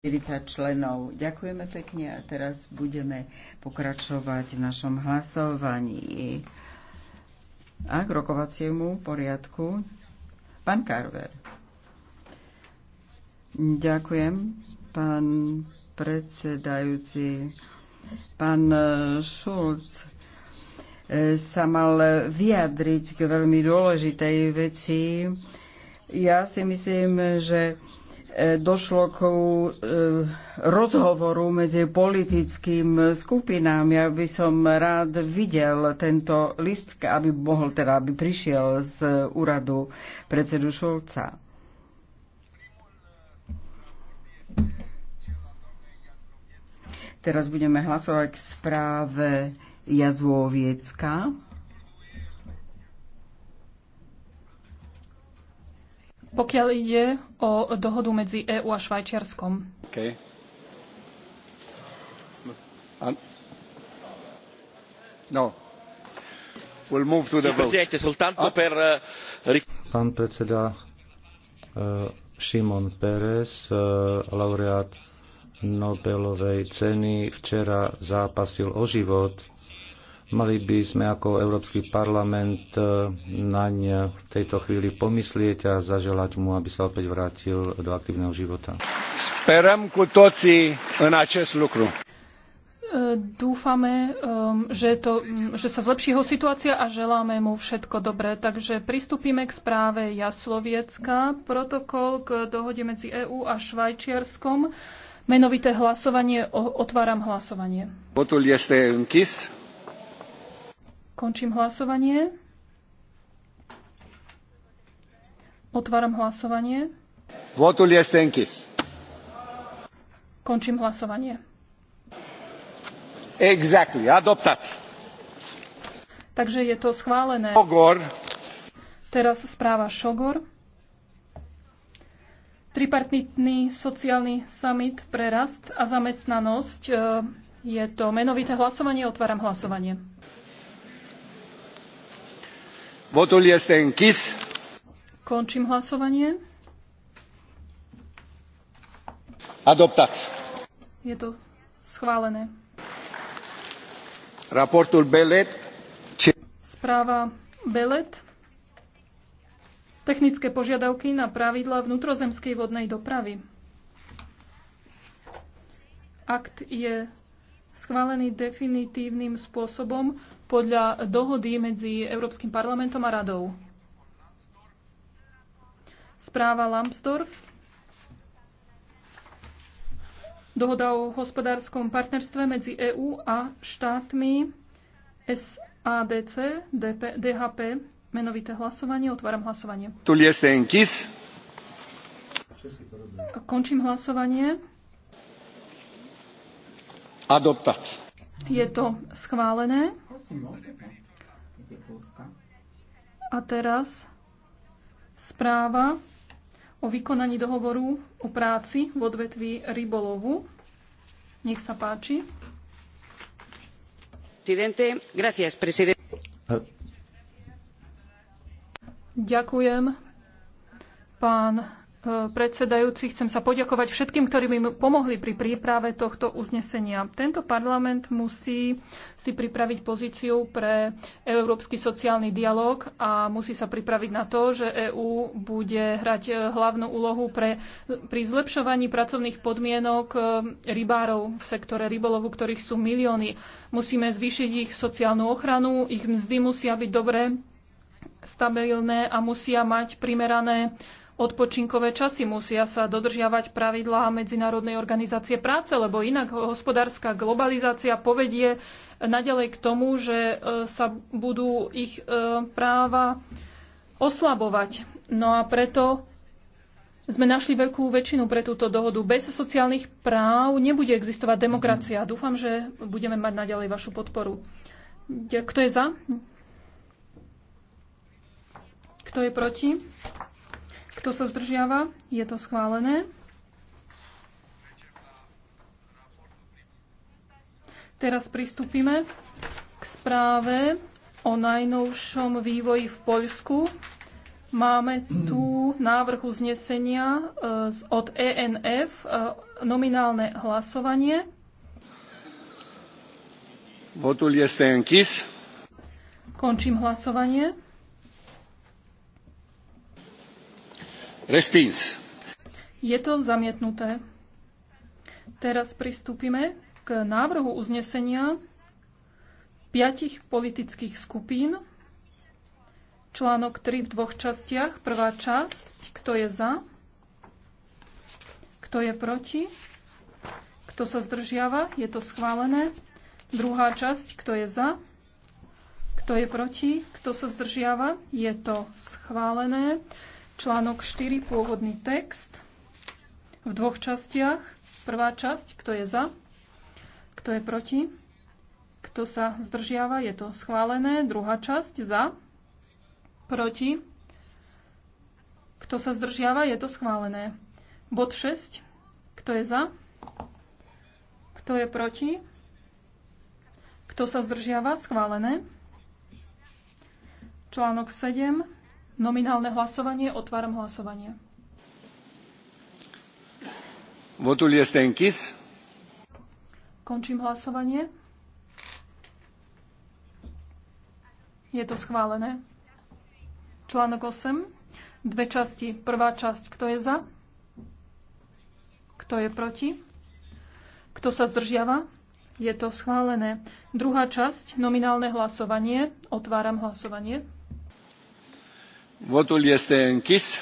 40 členov. Ďakujeme pekne a teraz budeme pokračovať v našom hlasovaní. A k rokovaciemu poriadku pán Carver. Ďakujem, pán predsedajúci. Pán e, Šulc e, sa mal vyjadriť k veľmi dôležitej veci. Ja si myslím, že E, došlo k e, rozhovoru medzi politickým skupinám. Ja by som rád videl tento list, aby mohol teda, aby prišiel z úradu predsedu Šolca. Teraz budeme hlasovať k správe Jazvoviecka. pokiaľ ide o dohodu medzi EÚ a Švajčiarskom. Okay. No. We'll move to the vote. Ah. Eh, Pán predseda eh, Šimon Pérez, eh, laureát Nobelovej ceny, včera zápasil o život Mali by sme ako Európsky parlament e, naň v tejto chvíli pomyslieť a zaželať mu, aby sa opäť vrátil do aktívneho života. Sperăm ku toci în acest lucru. E, dúfame, e, že, to, že sa zlepší jeho situácia a želáme mu všetko dobré. Takže pristúpime k správe Jasloviecka, protokol k dohode medzi EÚ a Švajčiarskom. Menovité hlasovanie, otváram hlasovanie. Votul este închis. Končím hlasovanie. Otváram hlasovanie. Votul este închis. Končím hlasovanie. Exactly, e adoptat. Takže je to schválené. Šogor. Teraz správa Šogor. Tripartitný sociálny summit pre rast a zamestnanosť. E, je to menovité hlasovanie. Otváram hlasovanie. Votul este închis. Končím hlasovanie. Adoptat. Je to schválené. Raportul Belet. Správa Belet. Technické požiadavky na pravidla vnútrozemskej vodnej dopravy. Akt je schválený definitívnym spôsobom podľa dohody medzi Európskym parlamentom a radou. Správa Lambsdorff. Dohoda o hospodárskom partnerstve medzi EÚ a štátmi SADC, DP, DHP. Menovité hlasovanie. Otváram hlasovanie. Tu Končím hlasovanie. Adoptat. Je to schválené. A teraz správa o vykonaní dohovoru o práci v odvetví rybolovu. Nech sa páči. Presidente, gracias, presidente. Ďakujem, pán predsedajúci, chcem sa poďakovať všetkým, ktorí mi pomohli pri príprave tohto uznesenia. Tento parlament musí si pripraviť pozíciu pre európsky sociálny dialog a musí sa pripraviť na to, že EÚ bude hrať hlavnú úlohu pre, pri zlepšovaní pracovných podmienok e, rybárov v sektore rybolovu, ktorých sú milióny. Musíme zvýšiť ich sociálnu ochranu, ich mzdy musia byť dobré stabilné a musia mať primerané odpočinkové časy, musia sa dodržiavať pravidlá Medzinárodnej organizácie práce, lebo inak hospodárska globalizácia povedie naďalej k tomu, že e, sa budú ich e, práva oslabovať. No a preto sme našli veľkú väčšinu pre túto dohodu. Bez sociálnych práv nebude existovať demokracia. Mhm. Dúfam, že budeme mať naďalej vašu podporu. Kto je za? Kto je proti? Kto sa zdržiava? Je to schválené. Teraz pristúpime k správe o najnovšom vývoji v Poľsku. Máme tu návrh uznesenia e, od ENF, e, nominálne hlasovanie. Votul este închis. Končím hlasovanie. Respins. Je to zamietnuté. Teraz pristúpime k návrhu uznesenia piatich politických skupín. Článok 3 v dvoch častiach. Prvá časť, kto je za, kto je proti, kto sa zdržiava, je to schválené. Druhá časť, kto je za, kto je proti, kto sa zdržiava, je to schválené. Článok 4, pôvodný text v dvoch častiach. Prvá časť, kto je za, kto je proti, kto sa zdržiava, je to schválené. Druhá časť, za, proti, kto sa zdržiava, je to schválené. Bod 6, kto je za, kto je proti, kto sa zdržiava, schválené. Článok 7, Nominálne hlasovanie. Otváram hlasovanie. Votul este închis. Končím hlasovanie. Je to schválené. Článok 8. Dve časti. Prvá časť. Kto je za? Kto je proti? Kto sa zdržiava? Je to schválené. Druhá časť. Nominálne hlasovanie. Otváram hlasovanie. Votul este închis.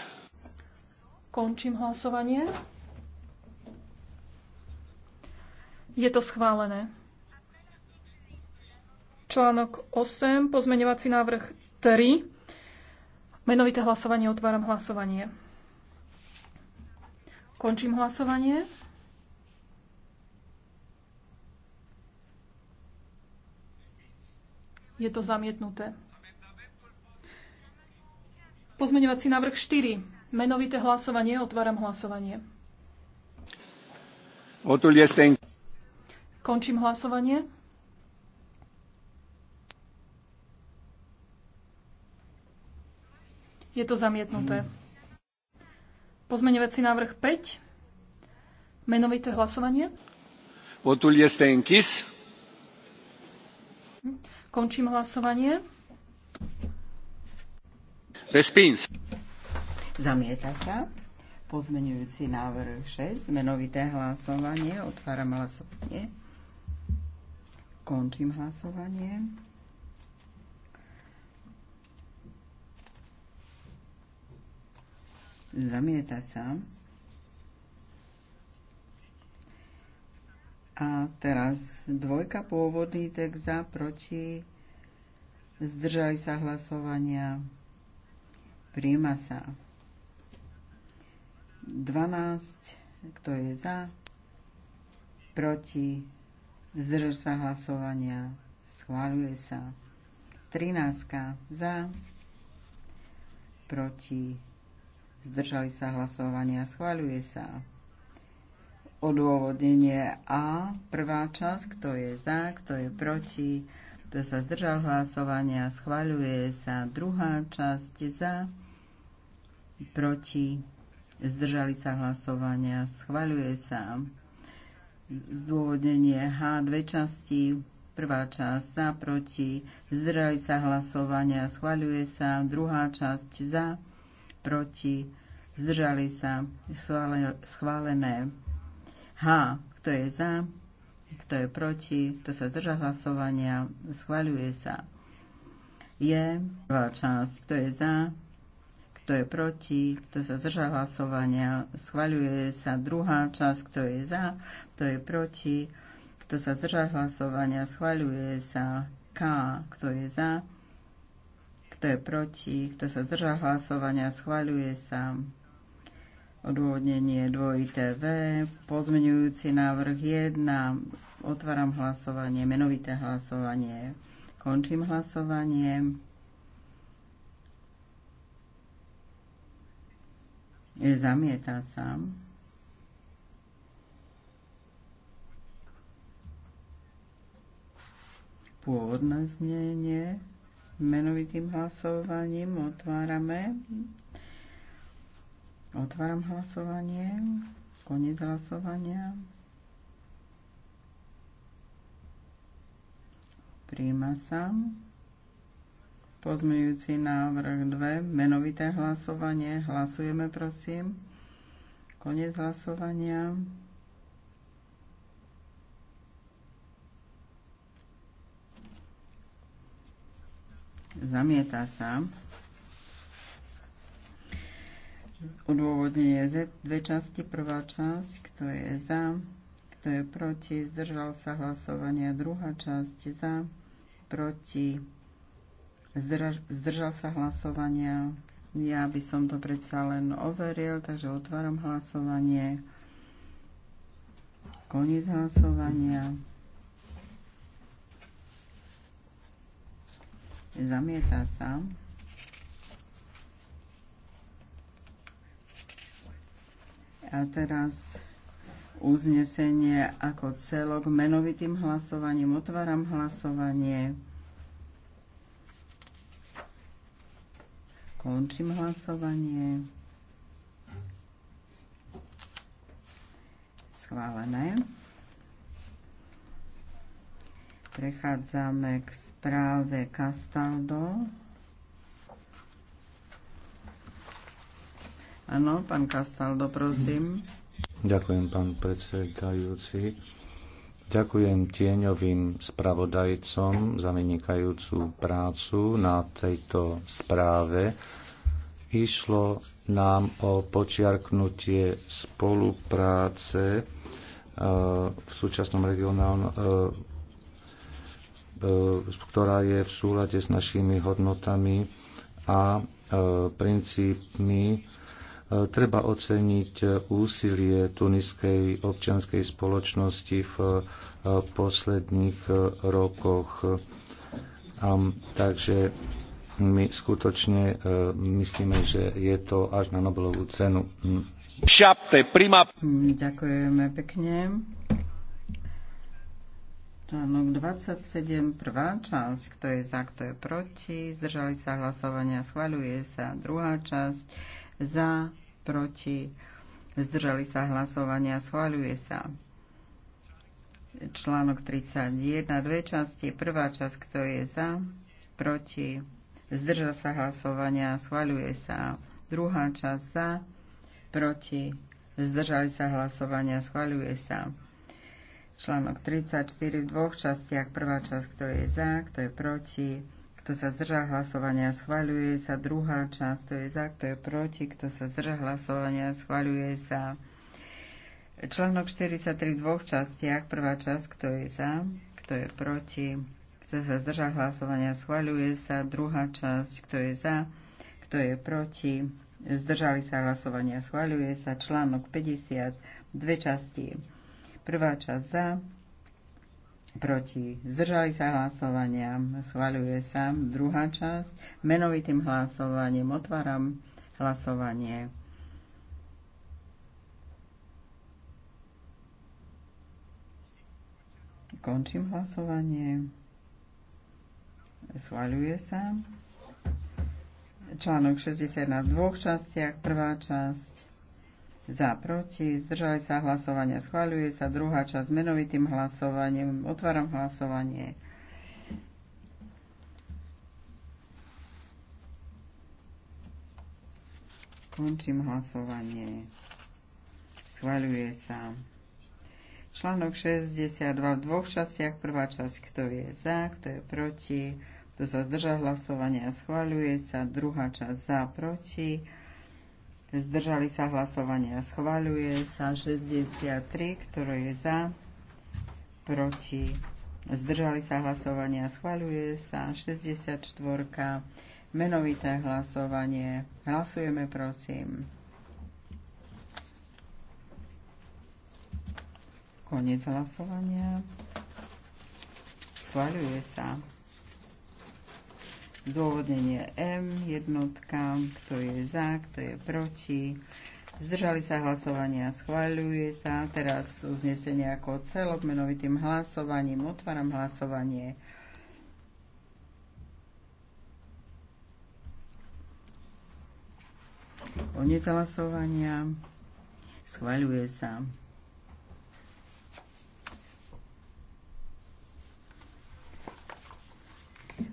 Končím hlasovanie. Je to schválené. Článok 8, pozmeňovací návrh 3. Menovité hlasovanie, otváram hlasovanie. Končím hlasovanie. Je to zamietnuté. Pozmeňovací návrh 4. Menovité hlasovanie. Otváram hlasovanie. Končím hlasovanie. Je to zamietnuté. Pozmeňovací návrh 5. Menovité hlasovanie. Votul este închis. Končím hlasovanie. Respins. Zamieta sa. Pozmenujúci návrh 6, menovité hlasovanie. Otváram hlasovanie. Končím hlasovanie. Zamieta sa. A teraz dvojka pôvodný text za, proti, zdržali sa hlasovania. Príjma sa. 12. Kto je za? Proti? Zdrž sa hlasovania. Schváľuje sa. 13. Za? Proti? Zdržali sa hlasovania. Schváľuje sa. Odôvodnenie A. Prvá časť. Kto je za? Kto je proti? Kto sa zdržal hlasovania? Schváľuje sa. Druhá časť. Za? proti, zdržali sa hlasovania, schvaľuje sa zdôvodnenie H, dve časti, prvá časť za, proti, zdržali sa hlasovania, schvaľuje sa druhá časť za, proti, zdržali sa schválené H, kto je za, kto je proti, kto sa zdrža hlasovania, schvaľuje sa. Je prvá časť, kto je za, kto je proti, kto sa zdržal hlasovania, schvaľuje sa druhá časť, kto je za, kto je proti, kto sa zdržal hlasovania, schvaľuje sa K, kto je za, kto je proti, kto sa zdržal hlasovania, schvaľuje sa odôvodnenie 2ITV, pozmenujúci návrh 1, otváram hlasovanie, menovité hlasovanie, končím hlasovanie. E, zamieta sám. Pôvodné znenie menovitým hlasovaním otvárame. Otváram hlasovanie. Koniec hlasovania. Príjma sa. Pozmeňujúci návrh 2, menovité hlasovanie. Hlasujeme, prosím. Konec hlasovania. Zamieta sa. Odôvodnenie je dve časti, prvá časť, kto je za, kto je proti, zdržal sa hlasovania, druhá časť za, proti, zdržal sa hlasovania. Ja by som to predsa len overil, takže otváram hlasovanie. Koniec hlasovania. Zamieta sa. A teraz uznesenie ako celok menovitým hlasovaním. Otváram hlasovanie. Končím hlasovanie. Schválené. Prechádzame k správe Castaldo. Áno, pán Castaldo, prosím. Ďakujem, pán predsedajúci. Ďakujem tieňovým spravodajcom za vynikajúcu prácu na tejto správe. Išlo nám o počiarknutie spolupráce e, v súčasnom regionálnom e, e, ktorá je v súlade s našimi hodnotami a princípmi Treba oceniť úsilie tuniskej občianskej spoločnosti v e, posledných e, rokoch. Takže my skutočne e, myslíme, že je to až na Nobelovú cenu. Mm. Ďakujeme pekne. Článok 27, prvá časť, kto je za, kto je proti, zdržali sa hlasovania, schvaľuje sa druhá časť za, proti, zdržali sa hlasovania, schváľuje sa článok 31, dve časti, prvá časť, kto je za, proti, zdržal sa hlasovania, schváľuje sa druhá časť za, proti, zdržali sa hlasovania, schváľuje sa článok 34 v dvoch častiach, prvá časť, kto je za, kto je proti, kto sa zdržal hlasovania, schvaľuje sa. Druhá časť, to je za, kto je proti, kto sa zdržal hlasovania, schvaľuje sa. Článok 43 v dvoch častiach. Prvá časť, kto je za, kto je proti, kto sa zdržal hlasovania, schvaľuje sa. Druhá časť, kto je za, kto je proti, zdržali sa hlasovania, schvaľuje sa. Článok 50, dve časti. Prvá časť za, proti, zdržali sa hlasovania, schvaľuje sa druhá časť, menovitým hlasovaním otváram hlasovanie. Končím hlasovanie. Schvaľuje sa. Článok 60 na dvoch častiach. Prvá časť za, proti, zdržali sa hlasovania, schváľuje sa druhá časť menovitým hlasovaním, otváram hlasovanie. Končím hlasovanie. Schváľuje sa. Článok 62 v dvoch častiach. Prvá časť, kto je za, kto je proti, kto sa zdržal hlasovania, schváľuje sa. Druhá časť za, proti zdržali sa hlasovania. Schváľuje sa 63, ktoré je za, proti, zdržali sa hlasovania. Schváľuje sa 64, menovité hlasovanie. Hlasujeme, prosím. Konec hlasovania. Schváľuje sa. Dôvodnenie M, jednotka, kto je za, kto je proti. Zdržali sa hlasovania, schváľuje sa. Teraz uznesenie ako celok menovitým hlasovaním. Otváram hlasovanie. Konec hlasovania. Schváľuje sa.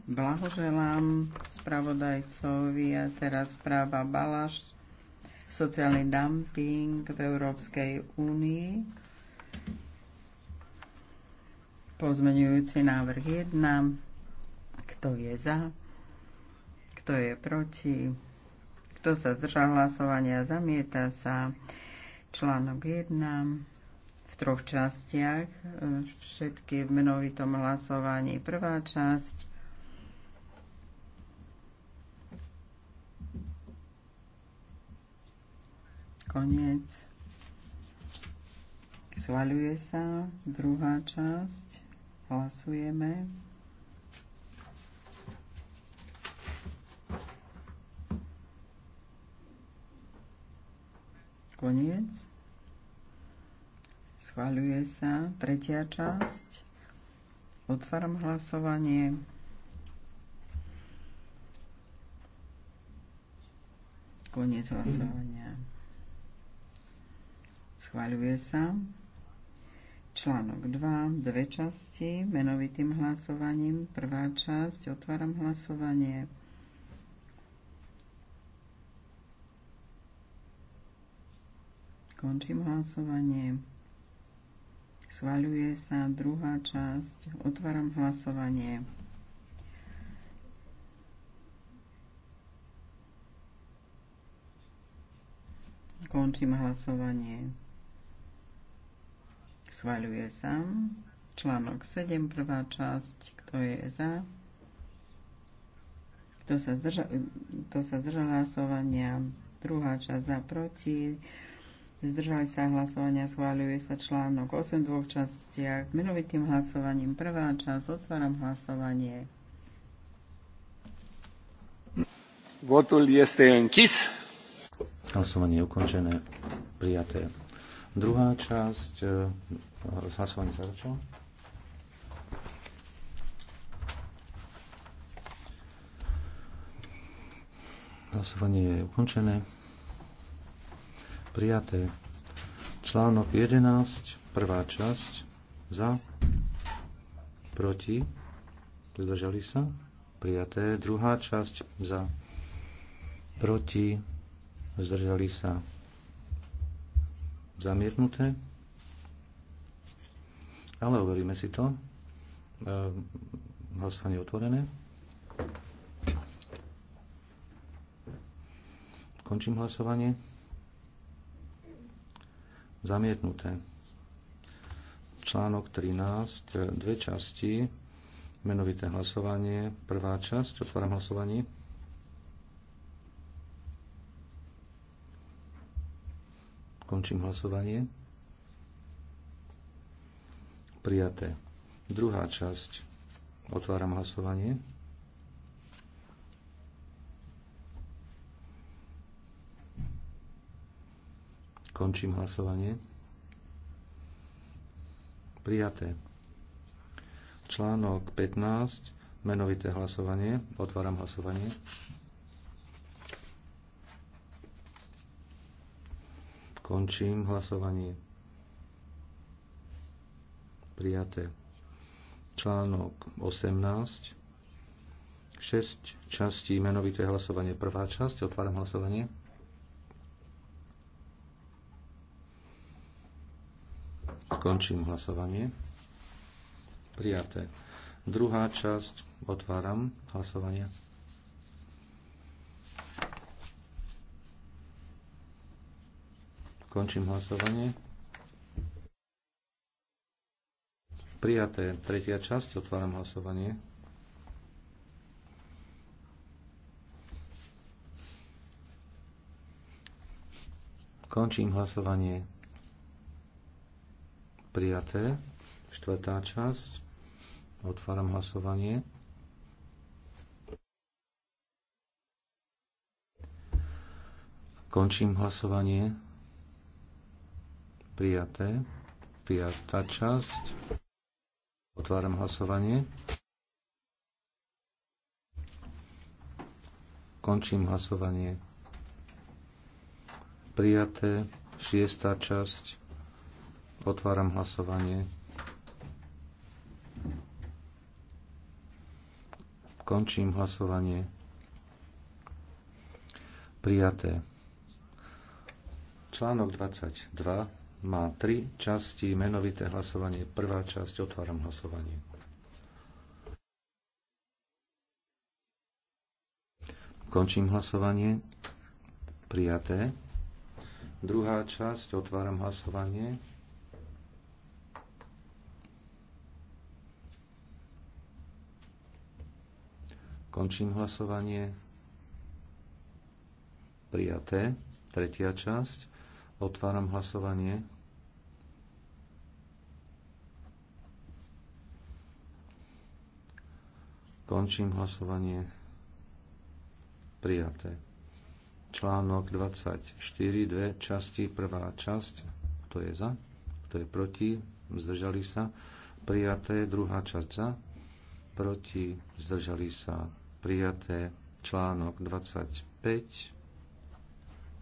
Blahoželám spravodajcovi a teraz správa Balaš, sociálny dumping v Európskej únii. Pozmenujúci návrh 1. Kto je za? Kto je proti? Kto sa zdržal hlasovania? Zamieta sa. Článok 1 v troch častiach, všetky v menovitom hlasovaní. Prvá časť Koniec. Schvaľuje sa druhá časť. Hlasujeme. Koniec. Schvaľuje sa tretia časť. Otváram hlasovanie. Koniec hlasovania. Schváľuje sa. Článok 2, dve časti, menovitým hlasovaním. Prvá časť, otváram hlasovanie. Končím hlasovanie. Schvaľuje sa druhá časť. Otváram hlasovanie. Končím hlasovanie schváľuje sa. Článok 7, prvá časť, kto je za, kto sa, zdrža, kto sa zdržal hlasovania, druhá časť za, proti, zdržali sa hlasovania, schváľuje sa článok 8 v dvoch častiach, menovitým hlasovaním, prvá časť, otváram hlasovanie. Votul este închis. Hlasovanie je ukončené. Prijaté. Druhá časť, e, hlasovanie sa začalo. Hlasovanie je ukončené. Prijaté. Článok 11, prvá časť, za, proti, zdržali sa, prijaté. Druhá časť, za, proti, zdržali sa, zamietnuté. Ale overíme si to. Ehm, hlasovanie otvorené. Končím hlasovanie. Zamietnuté. Článok 13, dve časti, menovité hlasovanie, prvá časť, otváram hlasovanie. Končím hlasovanie. Prijaté. Druhá časť. Otváram hlasovanie. Končím hlasovanie. Prijaté. Článok 15. Menovité hlasovanie. Otváram hlasovanie. Končím hlasovanie. Prijaté. Článok 18. 6 častí menovité hlasovanie. Prvá časť, otváram hlasovanie. Končím hlasovanie. Prijaté. Druhá časť, otváram hlasovanie. Končím hlasovanie. Prijaté tretia časť. Otváram hlasovanie. Končím hlasovanie. Prijaté. Štvrtá časť. Otváram hlasovanie. Končím hlasovanie. Prijaté. Prijatá časť. Otváram hlasovanie. Končím hlasovanie. Prijaté. Šiestá časť. Otváram hlasovanie. Končím hlasovanie. Prijaté. Článok 22 má tri časti, menovité hlasovanie. Prvá časť, otváram hlasovanie. Končím hlasovanie. Prijaté. Druhá časť, otváram hlasovanie. Končím hlasovanie. Prijaté. Tretia časť. Otváram hlasovanie. Končím hlasovanie. Prijaté. Článok 24, dve časti, prvá časť. Kto je za? Kto je proti? Zdržali sa. Prijaté. Druhá časť za. Proti. Zdržali sa. Prijaté. Článok 25.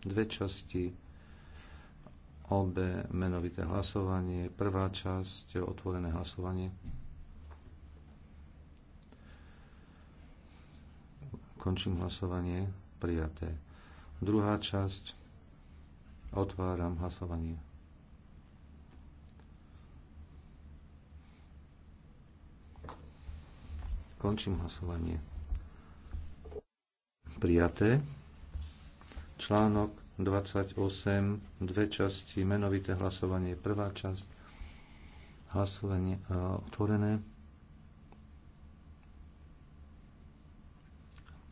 Dve časti. Obe menovité hlasovanie. Prvá časť. Otvorené hlasovanie. Končím hlasovanie. Prijaté. Druhá časť. Otváram hlasovanie. Končím hlasovanie. Prijaté. Článok 28, dve časti, menovité hlasovanie, prvá časť, hlasovanie e, otvorené.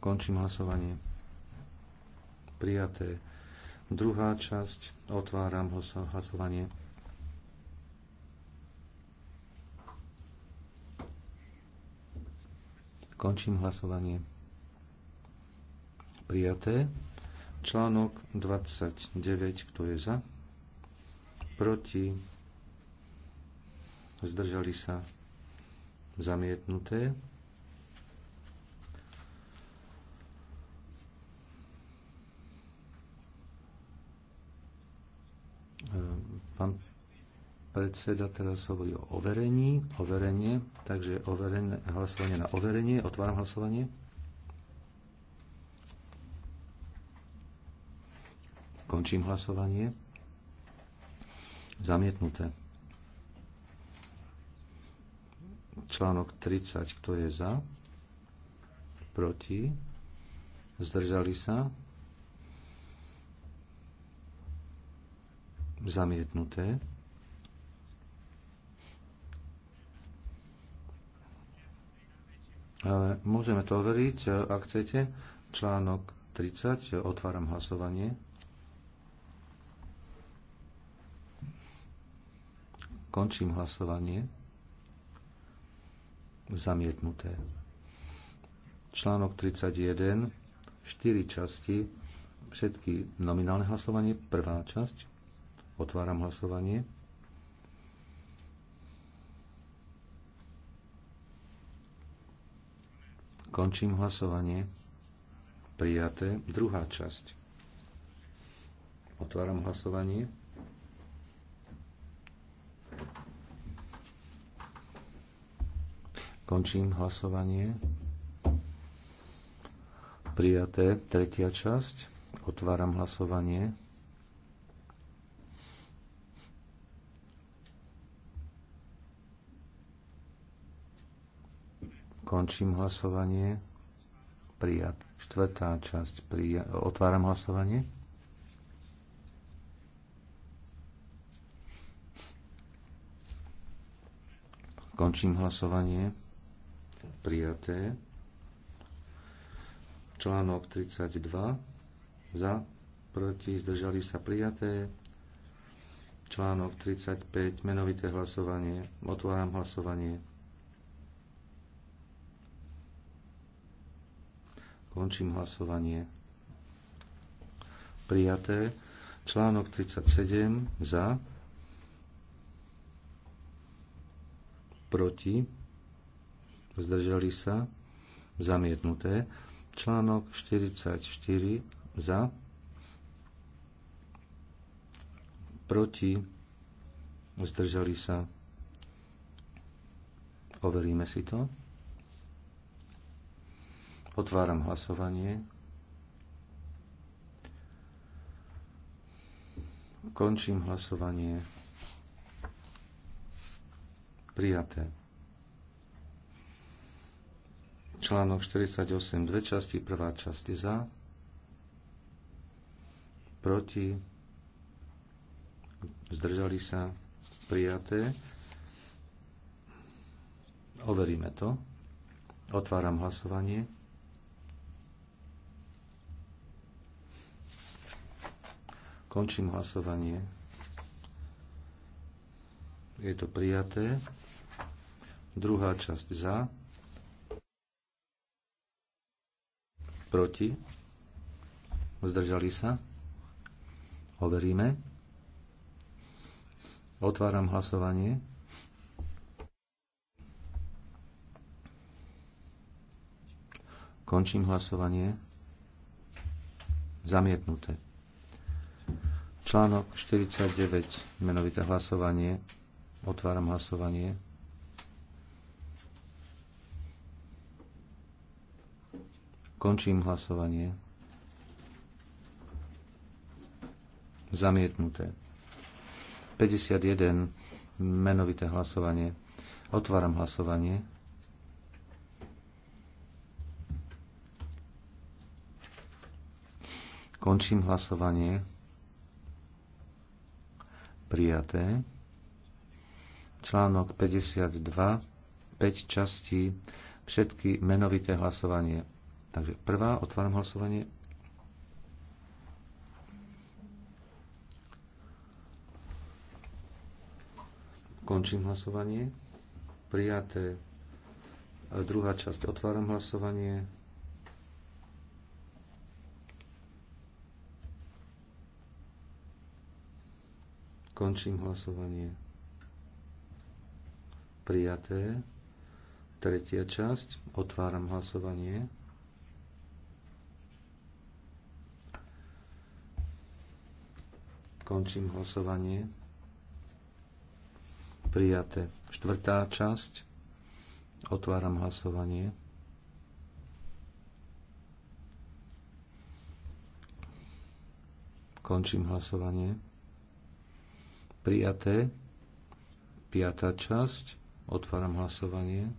Končím hlasovanie. Prijaté. Druhá časť. Otváram hlasovanie. Končím hlasovanie. Prijaté. Článok 29. Kto je za? Proti? Zdržali sa? Zamietnuté. Pán predseda teraz hovorí o overení, overenie, takže overenie, hlasovanie na overenie, otváram hlasovanie. Končím hlasovanie. Zamietnuté. Článok 30, kto je za? Proti? Zdržali sa? zamietnuté. Ale môžeme to overiť, ak chcete. Článok 30, otváram hlasovanie. Končím hlasovanie. Zamietnuté. Článok 31, 4 časti, všetky nominálne hlasovanie, prvá časť. Otváram hlasovanie. Končím hlasovanie. Prijaté. Druhá časť. Otváram hlasovanie. Končím hlasovanie. Prijaté. Tretia časť. Otváram hlasovanie. Končím hlasovanie. Prijat. Štvrtá časť. Prija- otváram hlasovanie. Končím hlasovanie. Prijaté. Článok 32. Za. Proti. Zdržali sa prijaté. Článok 35. Menovité hlasovanie. Otváram hlasovanie. Končím hlasovanie. Prijaté. Článok 37 za. Proti. Zdržali sa. Zamietnuté. Článok 44 za. Proti. Zdržali sa. Overíme si to. Otváram hlasovanie. Končím hlasovanie. Prijaté. Článok 48, dve časti, prvá časť za, proti, zdržali sa, prijaté. Overíme to. Otváram hlasovanie. Končím hlasovanie. Je to prijaté. Druhá časť za. Proti. Zdržali sa. Overíme. Otváram hlasovanie. Končím hlasovanie. Zamietnuté. Článok 49, menovité hlasovanie. Otváram hlasovanie. Končím hlasovanie. Zamietnuté. 51, menovité hlasovanie. Otváram hlasovanie. Končím hlasovanie prijaté. Článok 52, 5 častí, všetky menovité hlasovanie. Takže prvá, otváram hlasovanie. Končím hlasovanie. Prijaté. Druhá časť, otváram hlasovanie. Končím hlasovanie. Prijaté. Tretia časť. Otváram hlasovanie. Končím hlasovanie. Prijaté. Štvrtá časť. Otváram hlasovanie. Končím hlasovanie Prijaté. Piatá časť. Otváram hlasovanie.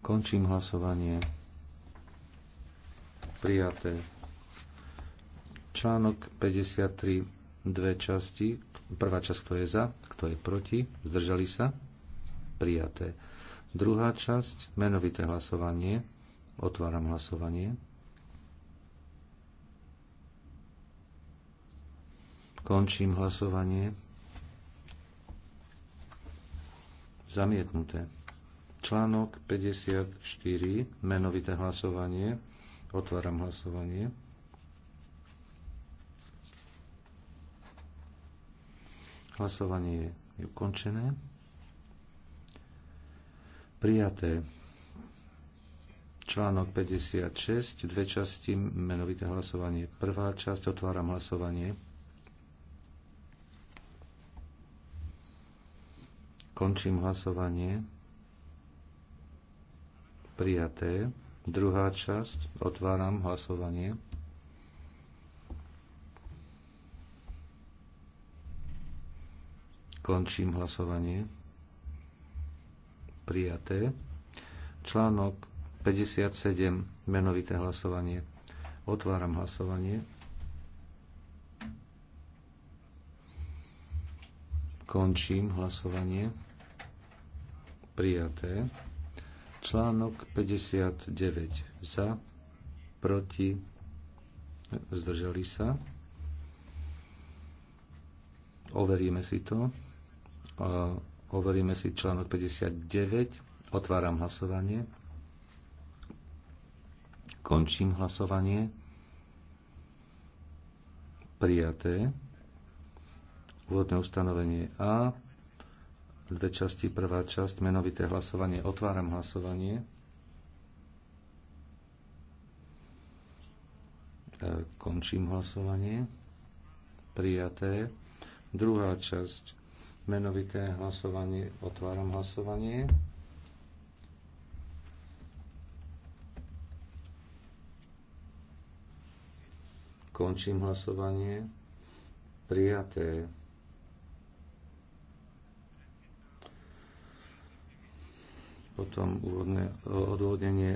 Končím hlasovanie. Prijaté. Článok 53, dve časti. Prvá časť, kto je za, kto je proti, zdržali sa. Prijaté. Druhá časť, menovité hlasovanie. Otváram hlasovanie. Končím hlasovanie. Zamietnuté. Článok 54, menovité hlasovanie. Otváram hlasovanie. Hlasovanie je ukončené. Prijaté článok 56, dve časti, menovité hlasovanie. Prvá časť, otváram hlasovanie. Končím hlasovanie. Prijaté. Druhá časť. Otváram hlasovanie. Končím hlasovanie. Prijaté. Článok 57. Menovité hlasovanie. Otváram hlasovanie. Končím hlasovanie prijaté. Článok 59 za, proti, zdržali sa. Overíme si to. Overíme si článok 59. Otváram hlasovanie. Končím hlasovanie. Prijaté. Úvodné ustanovenie A dve časti. Prvá časť, menovité hlasovanie. Otváram hlasovanie. E, končím hlasovanie. Prijaté. Druhá časť, menovité hlasovanie. Otváram hlasovanie. Končím hlasovanie. Prijaté. potom úvodné e, odôvodnenie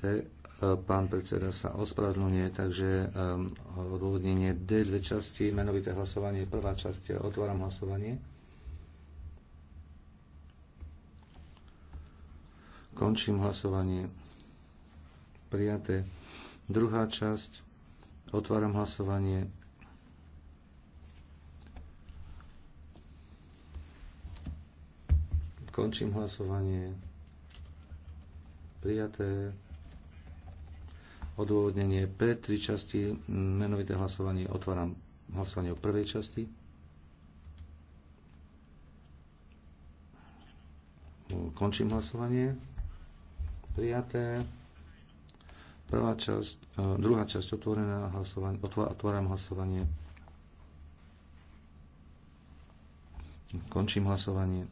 e, Pán predseda sa ospravedlňuje, takže e, odôvodnenie D dve časti, menovité hlasovanie, prvá časť, otváram hlasovanie. Končím hlasovanie. Prijaté. Druhá časť. Otváram hlasovanie. Končím hlasovanie. Prijaté. Odôvodnenie P, tri časti, menovité hlasovanie. Otváram hlasovanie o prvej časti. Končím hlasovanie. Prijaté. Prvá časť, e, druhá časť otvorená hlasovanie, otváram hlasovanie. Končím hlasovanie.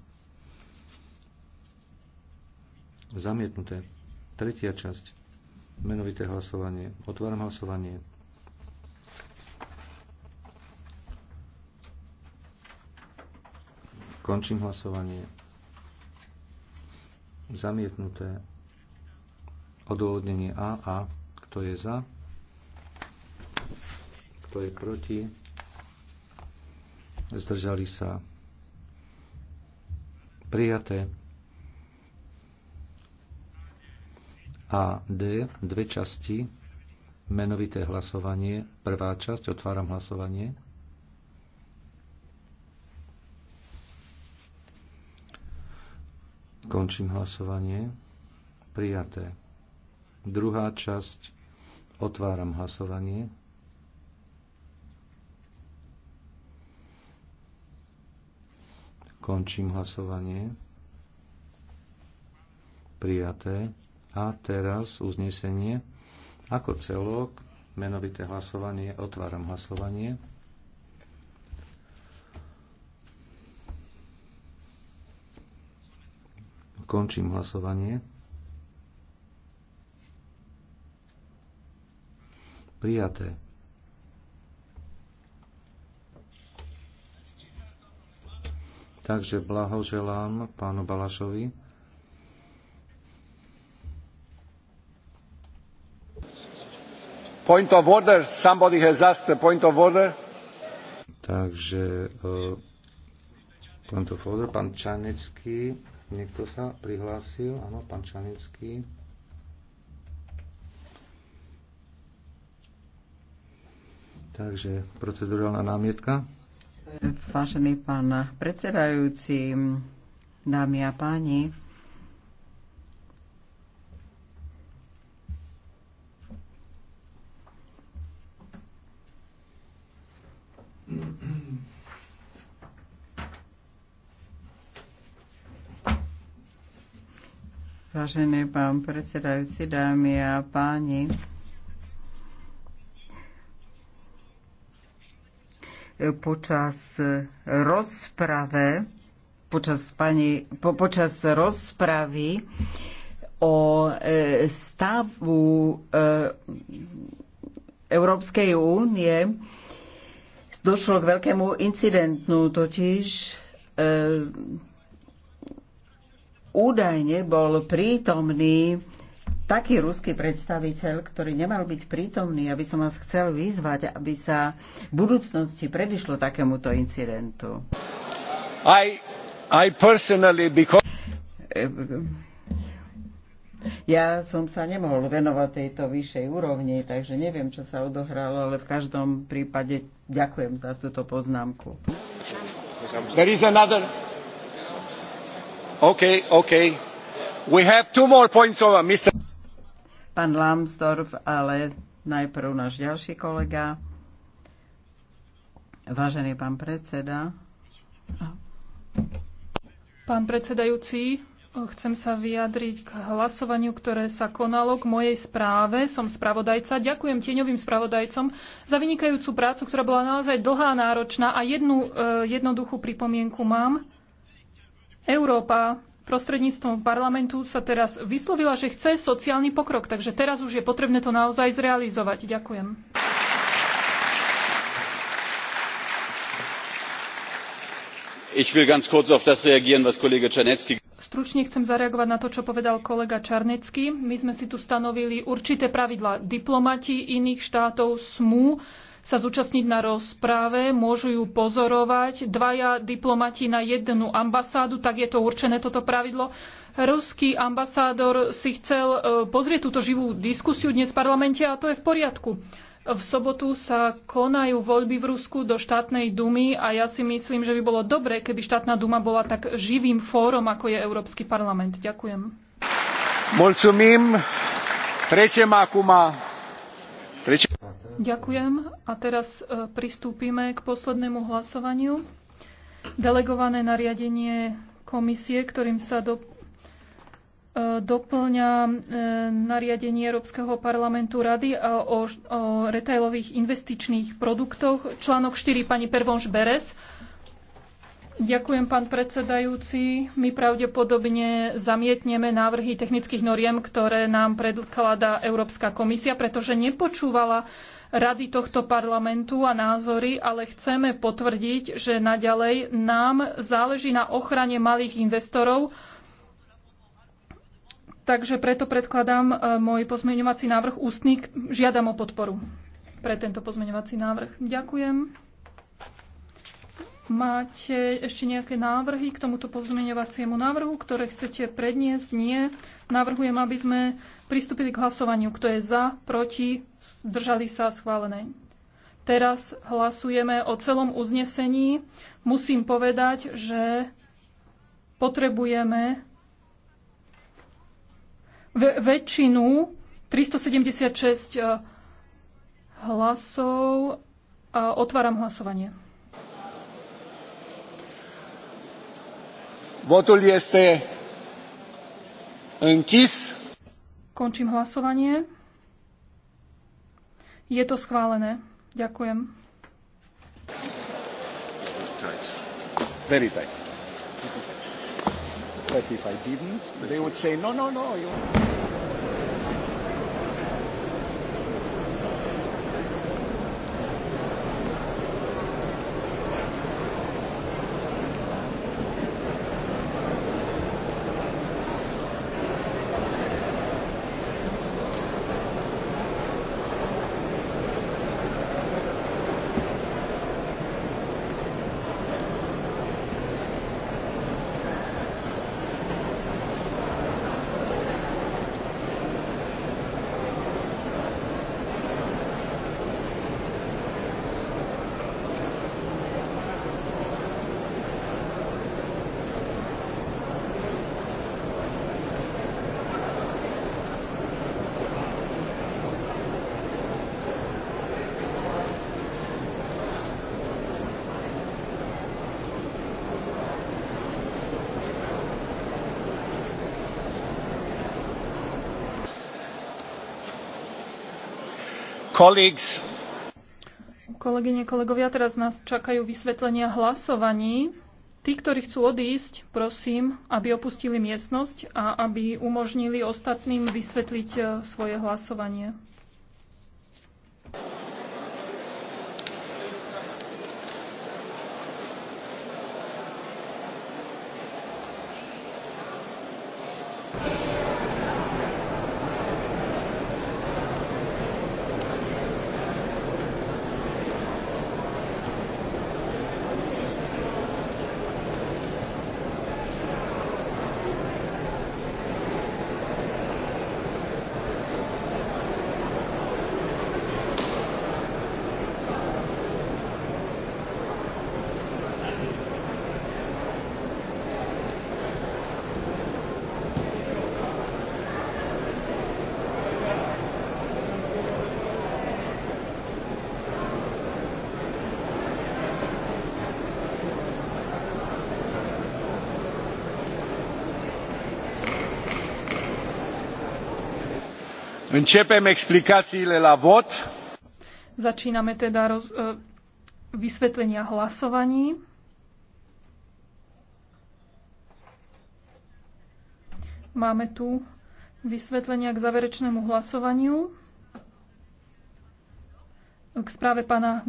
Zamietnuté. Tretia časť. Menovité hlasovanie. Otváram hlasovanie. Končím hlasovanie. Zamietnuté. Odôvodnenie A Kto je za? Kto je proti? Zdržali sa. Prijaté. a D, dve časti, menovité hlasovanie. Prvá časť, otváram hlasovanie. Končím hlasovanie. Prijaté. Druhá časť, otváram hlasovanie. Končím hlasovanie. Prijaté a teraz uznesenie ako celok, menovité hlasovanie, otváram hlasovanie. Končím hlasovanie. Prijaté. Takže blahoželám pánu Balašovi. Takže uh, point of order, pán e, Čanecký. Niekto sa prihlásil? Áno, pán Čanecký. Takže procedurálna námietka. Vážený pán predsedajúci, dámy a páni, Vážený pán predsedajúci, dámy a páni, počas rozprave, počas, pani, po, počas rozpravy o e, stavu e, Európskej únie došlo k veľkému incidentu, totiž e, údajne bol prítomný taký ruský predstaviteľ, ktorý nemal byť prítomný, aby som vás chcel vyzvať, aby sa v budúcnosti predišlo takémuto incidentu. I, I personally because... Ehm, ja som sa nemohol venovať tejto vyššej úrovni, takže neviem, čo sa odohralo, ale v každom prípade ďakujem za túto poznámku. There is another... We have two more points over, Mr. Pán Lambsdorff, ale najprv náš ďalší kolega. Vážený pán predseda. Pán predsedajúci, chcem sa vyjadriť k hlasovaniu, ktoré sa konalo k mojej správe. Som spravodajca. Ďakujem tieňovým spravodajcom za vynikajúcu prácu, ktorá bola naozaj dlhá, náročná a jednu e, jednoduchú pripomienku mám. Európa prostredníctvom parlamentu sa teraz vyslovila, že chce sociálny pokrok, takže teraz už je potrebné to naozaj zrealizovať. Ďakujem. Ich will ganz kurz auf das reagieren, was Kollege Czarnecki Stručne chcem zareagovať na to, čo povedal kolega Čarnecký. My sme si tu stanovili určité pravidla. Diplomati iných štátov smú sa zúčastniť na rozpráve, môžu ju pozorovať. Dvaja diplomati na jednu ambasádu, tak je to určené toto pravidlo. Ruský ambasádor si chcel e, pozrieť túto živú diskusiu dnes v parlamente a to je v poriadku. V sobotu sa konajú voľby v Rusku do štátnej dumy a ja si myslím, že by bolo dobre, keby štátna duma bola tak živým fórom, ako je Európsky parlament. Ďakujem. Mulțumim. Trecem acum. Trecem... Ďakujem. A teraz e, pristúpime k poslednému hlasovaniu. Delegované nariadenie komisie, ktorým sa do, e, doplňa e, nariadenie Európskeho parlamentu Rady o, o retailových investičných produktoch. Článok 4 pani Pervonš Beres. Ďakujem, pán predsedajúci. My pravdepodobne zamietneme návrhy technických noriem, ktoré nám predkladá Európska komisia, pretože nepočúvala rady tohto parlamentu a názory, ale chceme potvrdiť, že naďalej nám záleží na ochrane malých investorov. Takže preto predkladám e, môj pozmeňovací návrh ústny. Žiadam o podporu pre tento pozmeňovací návrh. Ďakujem. Máte ešte nejaké návrhy k tomuto pozmeňovaciemu návrhu, ktoré chcete predniesť? Nie. Navrhujem, aby sme pristúpili k hlasovaniu. Kto je za, proti, zdržali sa, schválené. Teraz hlasujeme o celom uznesení. Musím povedať, že potrebujeme väčšinu 376 eh, hlasov. Otváram hlasovanie. Votul este Închis. Končím hlasovanie. Je to schválené. Ďakujem. Very tight. But if I didn't, they would say, no, no, no. You... Colleagues. Kolegyne, kolegovia, teraz nás čakajú vysvetlenia hlasovaní. Tí, ktorí chcú odísť, prosím, aby opustili miestnosť a aby umožnili ostatným vysvetliť e, svoje hlasovanie. Začíname teda roz, e, vysvetlenia hlasovaní. Máme tu vysvetlenia k záverečnému hlasovaniu k správe pána